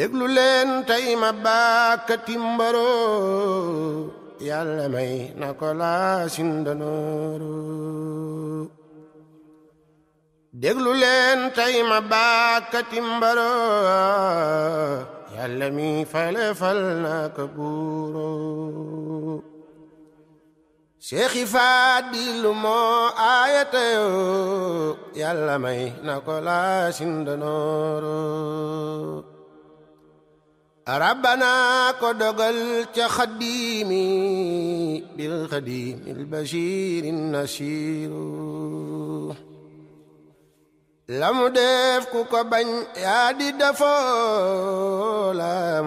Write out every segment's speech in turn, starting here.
déglu leen tey ma bàkkati mbaroo may na ko laa sindanooru déglu leen tey ma bàkkati mbaroo yàlla mi fale fal na ko buuroo seexi faadilu moo aayatayoo yàlla may na ko laa rabbana ko dogal ca xadimi bil xadimi al bashir nasir la mu axiba ku ko bañ yaa di dafoo la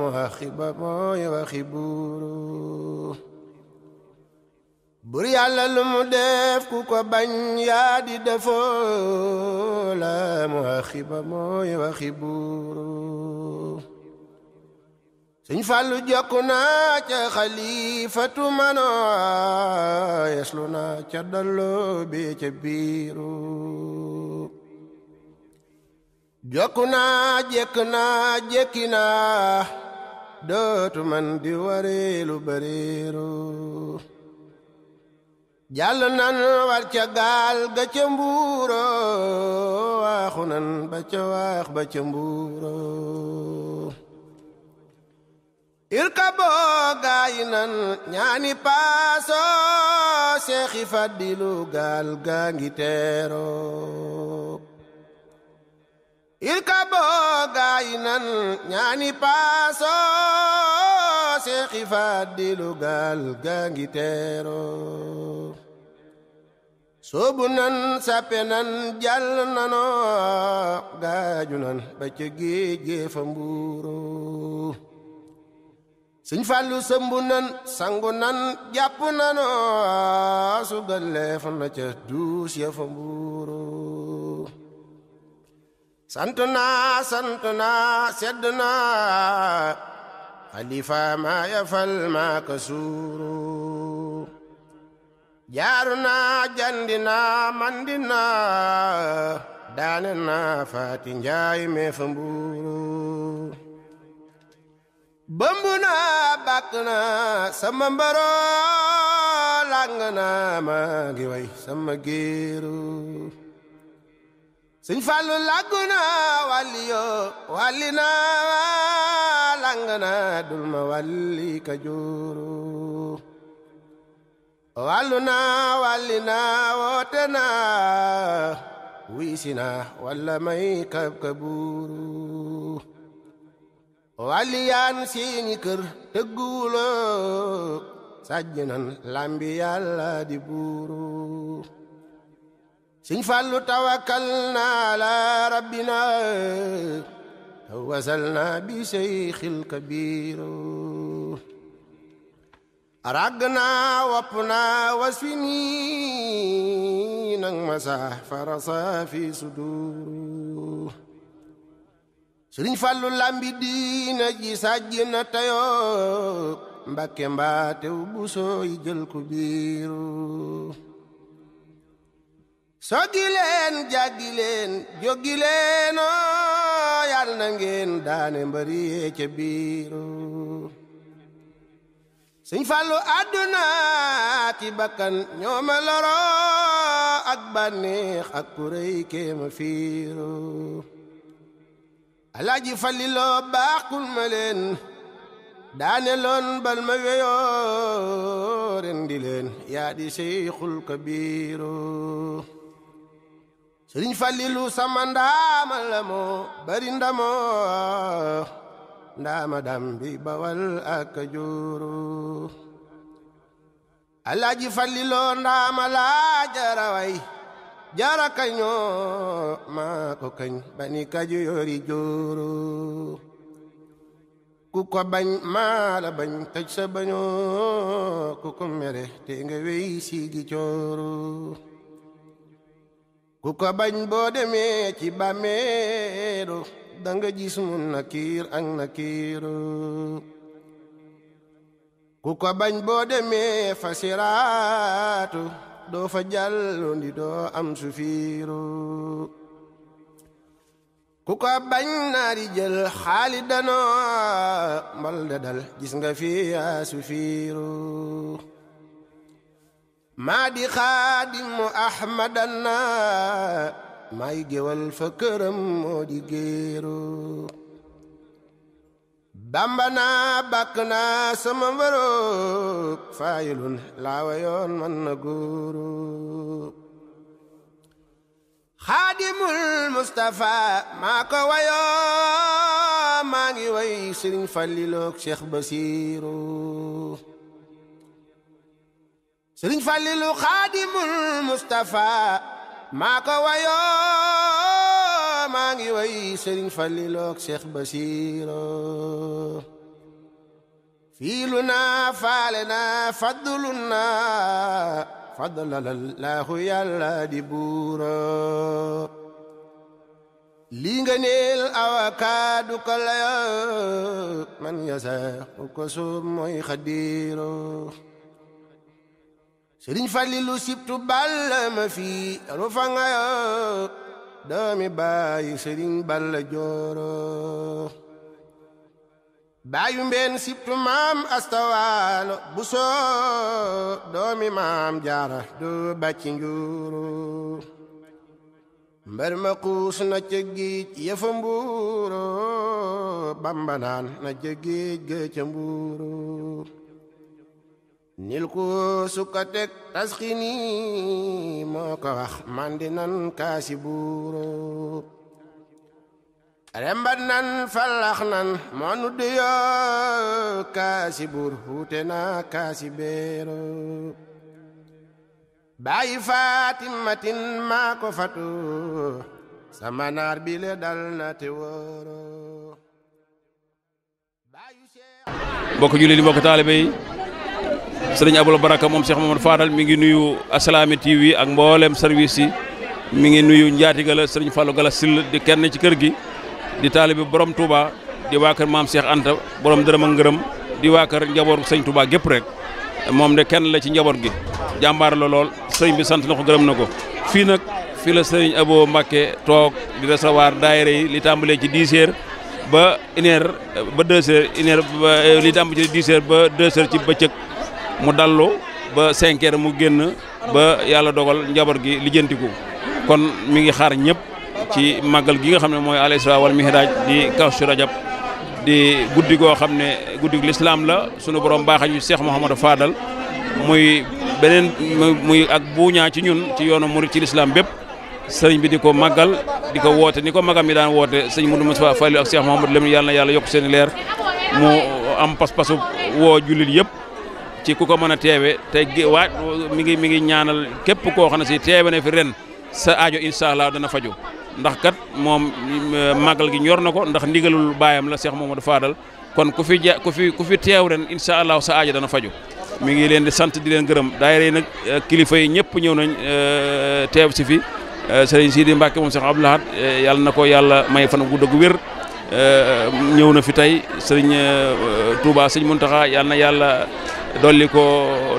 mu mooy waxi buuru sëñ Fallu jokku naa ca xalifatu mano yeslu naa ca dallo bi ca biiru jokku naa jekk naa jekki naa dootu man di wareelu bareeru jàll nan war ca gaal ca mbuuro waaxu nan ba ca waax ba ca mbuuro irkabo gaayi nan ñaani paaso seexi faddilu gaal gaa ngi teeroo irkabo gaayi nan ñaani paaso seexi faddilu gaal gaa ngi teeroo soobu nan sappe nan jàll nanoo gaaju nan ba ca fa mbuuroo sëñ Fallou sëmbu nan sangu nan jàpp nanu sugaleef na ca duus ya fa mbuuru sant naa sant naa sedd naa xalifa maa yafal maa ka suuru jaaru naa jandi naa mandi naa daane naa faati njaay mee fa mbuuru bëmb naa bàkk naa sama mbaro làng naa maa ngi way sama géeru sëñ Fallu làggu naa wàlli yoo naa làng naa dul ma wàlli ka naa wàlli naa woote naa wiisi naa walla may kab ka waliyaan seeni kër tëgguwuloo sàjj nan làmbi yàlla di buuru siñ fàllu tawakkal naa la rabbina wasal bi seyxil kabiiru ràgg naa wopp was fi nii nang farasa fi suduuru sëriñ Fallu lambi diina ji sàjj na tayoo mbakke mbaatew bu jël ku biiru soggi leen jàggi leen joggi ngeen daane mbëri yee ca biiru sëñ Fallu àdduna ki bakkan ñoo ak bànneex ak kuréy kéema fiiru alaaji faliloo baaxul ma leen daane loon bal ma leen yaa di seyxul kabiiru sëriñ falilu sama ndaama la moo bari ndamoo ndaama dam bi bawal ak juuru alaaji faliloo ndaama laa jaraway jaara kañoo maa ko kañ bani kajoori jooro ku ko bañ maa la bañ tëj sa bañoo ku ko mere te nga wey siigi ku ko bañ boo demee ci bàmmeeru danga gis mu nakiir ak nakiiru ku ko bañ boo demee fasiraatu doo fa jàll ndi ku ko bañ naari jël xaali danoo mbal da gis nga fi yaa sufiiru maa di xaadimu ahmadana maay géwal fa këram moo di géeru bamba naa bàkk naa sama mbaroog faayilun laawa yoon man na guuru xaadimul mustafa maa ko wayoo maa ngi way sëriñ falliloog cheikh basiru sëriñ fallilu xaadimul mustafa maa ko wayoo maa ngi way sëriñ Falilook Cheikh Basiro fiilu naa faale naa faddulu naa faddalalallaahu yàlla di buuro lii neel awakaadu ko man yasa u ko soob mooy sëriñ Falilu sibtu balla ma fii rufa doomi baayu sëriñ balla jooro baayu mbeen siptu maam astawaalo bu doomi maam jaara du bàcci njuuro mbër na ca géej yëfa mbuuro bambanaan na ca géej ga nil ko sukka teg tasxini moo ko wax mandi nan kaasi buuru rembat nan fallax nan moo nu duyoo kaasi buur huute na kaasi beero baayi faatimatin maa ko fatu sama naar bi dal na te wóoro mbokk julli sëriñ Abul Baraka moom Cheikh Mamadou Fadal mi ngi nuyu Assalaamy TV ak mboolem service yi mi ngi nuyu njaatiga la sëriñ Fallou Gala Sill di kenn ci kër gi di taalibe borom Touba di waa kër maam Cheikh Anta borom dërëm ak ngërëm di waa kër njaboot sëñ Touba gépp rek moom de kenn la ci njaboot gi jàmbaar la lool sëriñ bi sant na ko gërëm na ko fii nag fii la sëriñ Abo Mbacké toog di recevoir daayira yi li tàmbalee ci 10 heures ba une ba deux heures une euh, li tàmbalee ci 10 heures ba deux heures ci bëccëg mu dallu ba 5 heures mu génn ba yàlla dogal njaboot gi lijjantiku kon mi ngi xaar ñëpp ci màggal gi nga xam ne mooy al isra wal mihraj di Kazu Rajab di guddi goo xam ne guddi lislaam la sunu borom baaxa ñu Cheikh Mouhamadou Fadal muy beneen muy ak buuñaa ci ñun ci yoonu murit ci lislaam bépp sëriñ bi di ko màggal di ko woote ni ko magam yi daan woote sëñ Modou Moustapha Fallou ak Cheikh Mouhamadou Lamine yàlla na yàlla yokk seen leer mu am pas-pasu woo jullit yëpp ci ku ko mën a teewe te waat mi ngi mi ngi ñaanal képp koo xam si teewe na fi ren sa aajo incha allah dana fajo ndax kat moom màggal gi ñor na ko ndax ndigalul baayam la Cheikh Mamadou Fadal kon ku fi ja ku fi ku fi teew ren incha allah sa ajo dana fajo mi ngi leen di sant di leen gërëm daayira yi nag eh, kilifa yi ñëpp ñëw nañ eh, teew si fi eh, sëriñ Sidi Mbacke moom Cheikh Abdoul Ahad yàlla na ko yàlla may fan gu dëgg wér ñëw na fi tey sëriñ Touba sëñ Mountakha yàlla na yàlla dolli ko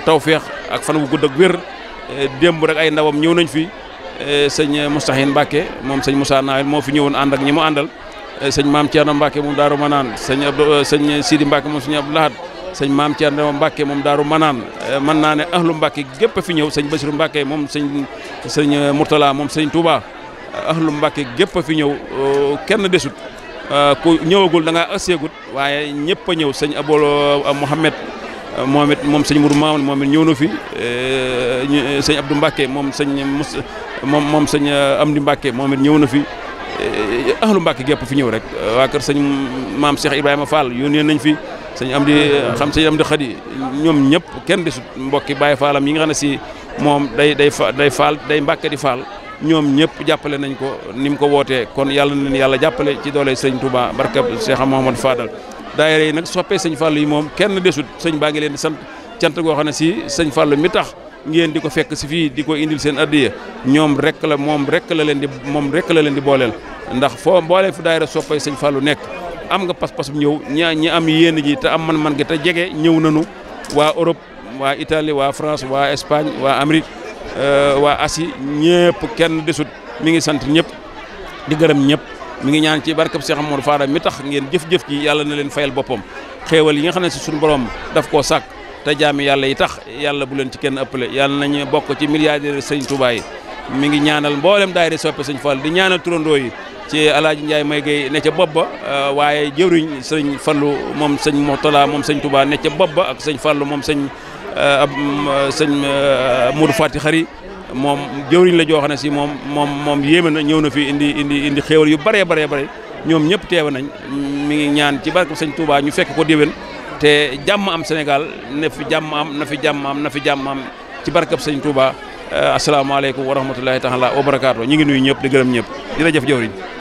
tawféex ak fan wu gudd ak eh, démb rek ay ndawam ñëw nañ fi eh, sëñ Moustahine Mbacke moom sëñ Moussa Nawel moo fi ñëwoon ànd ak ñi mu àndal eh, sëñ Maam Thierno Mbacke moom Daaru Manaan sëñ Abdou sëñ Sidi Mbacke moom sëñ Abdou Lahad sëñ Maam Thierno moom Daaru Manaan mën naa ne ahlu Mbacke gépp fi ñëw sëñ Bassirou Mbacke moom sëñ sëñ Mourtala moom sëñ Touba ahlu Mbacke gépp fi ñëw kenn desut ku ñëwagul da ngaa waaye ñëpp ñëw sëñ Abolo Mohamed moom it moom sañ Mourou Mamoun moom it ñëw na fi eh, ñu eh, sëñ Abdou Mbacke moom sëñ Moussa moom moom sëñ eh, Amdi Mbacke moom it ñëw na fi ahlu Mbacke gépp fi ñëw rek waa kër sëñ maam Cheikh Ibrahima Fall yónnee nañ fi sëñ Amdi xam sañ Amdi Khady ñoom ñëpp kenn desut mbokki Baye Fallam yi nga xam ne si moom day day day faal day Mbacke di faal ñoom ñëpp jàppale nañ ko ni mu ko wootee kon yàlla na leen yàlla jàppale ci doole sëñ Touba barkab Cheikh Mouhamad Fadal daayira yi nag soppee sëñ Fallou yi moom kenn desut sëñ baa ngi leen di sant cant goo xam ne si sëñ Fallou mi tax ngeen di ko fekk si fii di ko indil seen addiya ñoom rek la moom rek la leen di moom rek la leen di booleel ndax foo mboolee fu daayira soppee sëñ Fallou nekk am nga pas-pas bu ñëw ñaa ñi am yéen ji te am man-man gi te jege ñëw nanu waa orop waa itali waa France waa Espagne waa Amérique euh, waa Asie ñëpp kenn desut mi ngi sant ñëpp di gërëm ñëpp mi ngi ñaan ci barkab Cheikh Amadou Fara mi tax ngeen jëf-jëf ji yàlla na leen fayal boppam xéewal yi nga xam ne si sunu borom daf koo sàkk te jaami yàlla yi tax yàlla bu leen ci kenn ëppale yàlla nañu bokk ci milliardaire sëñ Touba yi mi ngi ñaanal mboolem daayira soppe sëñ Fall di ñaanal turandoo yi ci alaaji Ndiaye may gay ne ca bopp ba euh, waaye jëruñ sëñ Fallu moom sëñ Moutala moom sëñ Touba ne ca bopp ba ak sañ falu moom sañ euh, ab euh, sëñ Modou Fati Xari moom jëwriñ la joo xam ne si moom moom moom yéeme na ñëw na fi indi indi indi xéewal yu baree baree bare ñoom ñëpp teewe nañ mi ngi ñaan ci barke sëñ Touba ñu fekk ko déwén te jàmm am senegal nafi fi jàmm am nafi fi jàmm am na jàmm am ci barkab sëñ Touba asalaamaaleykum wa rahmatulahi taala wa barakaatu ñu ngi nuyu ñëpp di gërëm ñëpp jërëjëf jëwriñ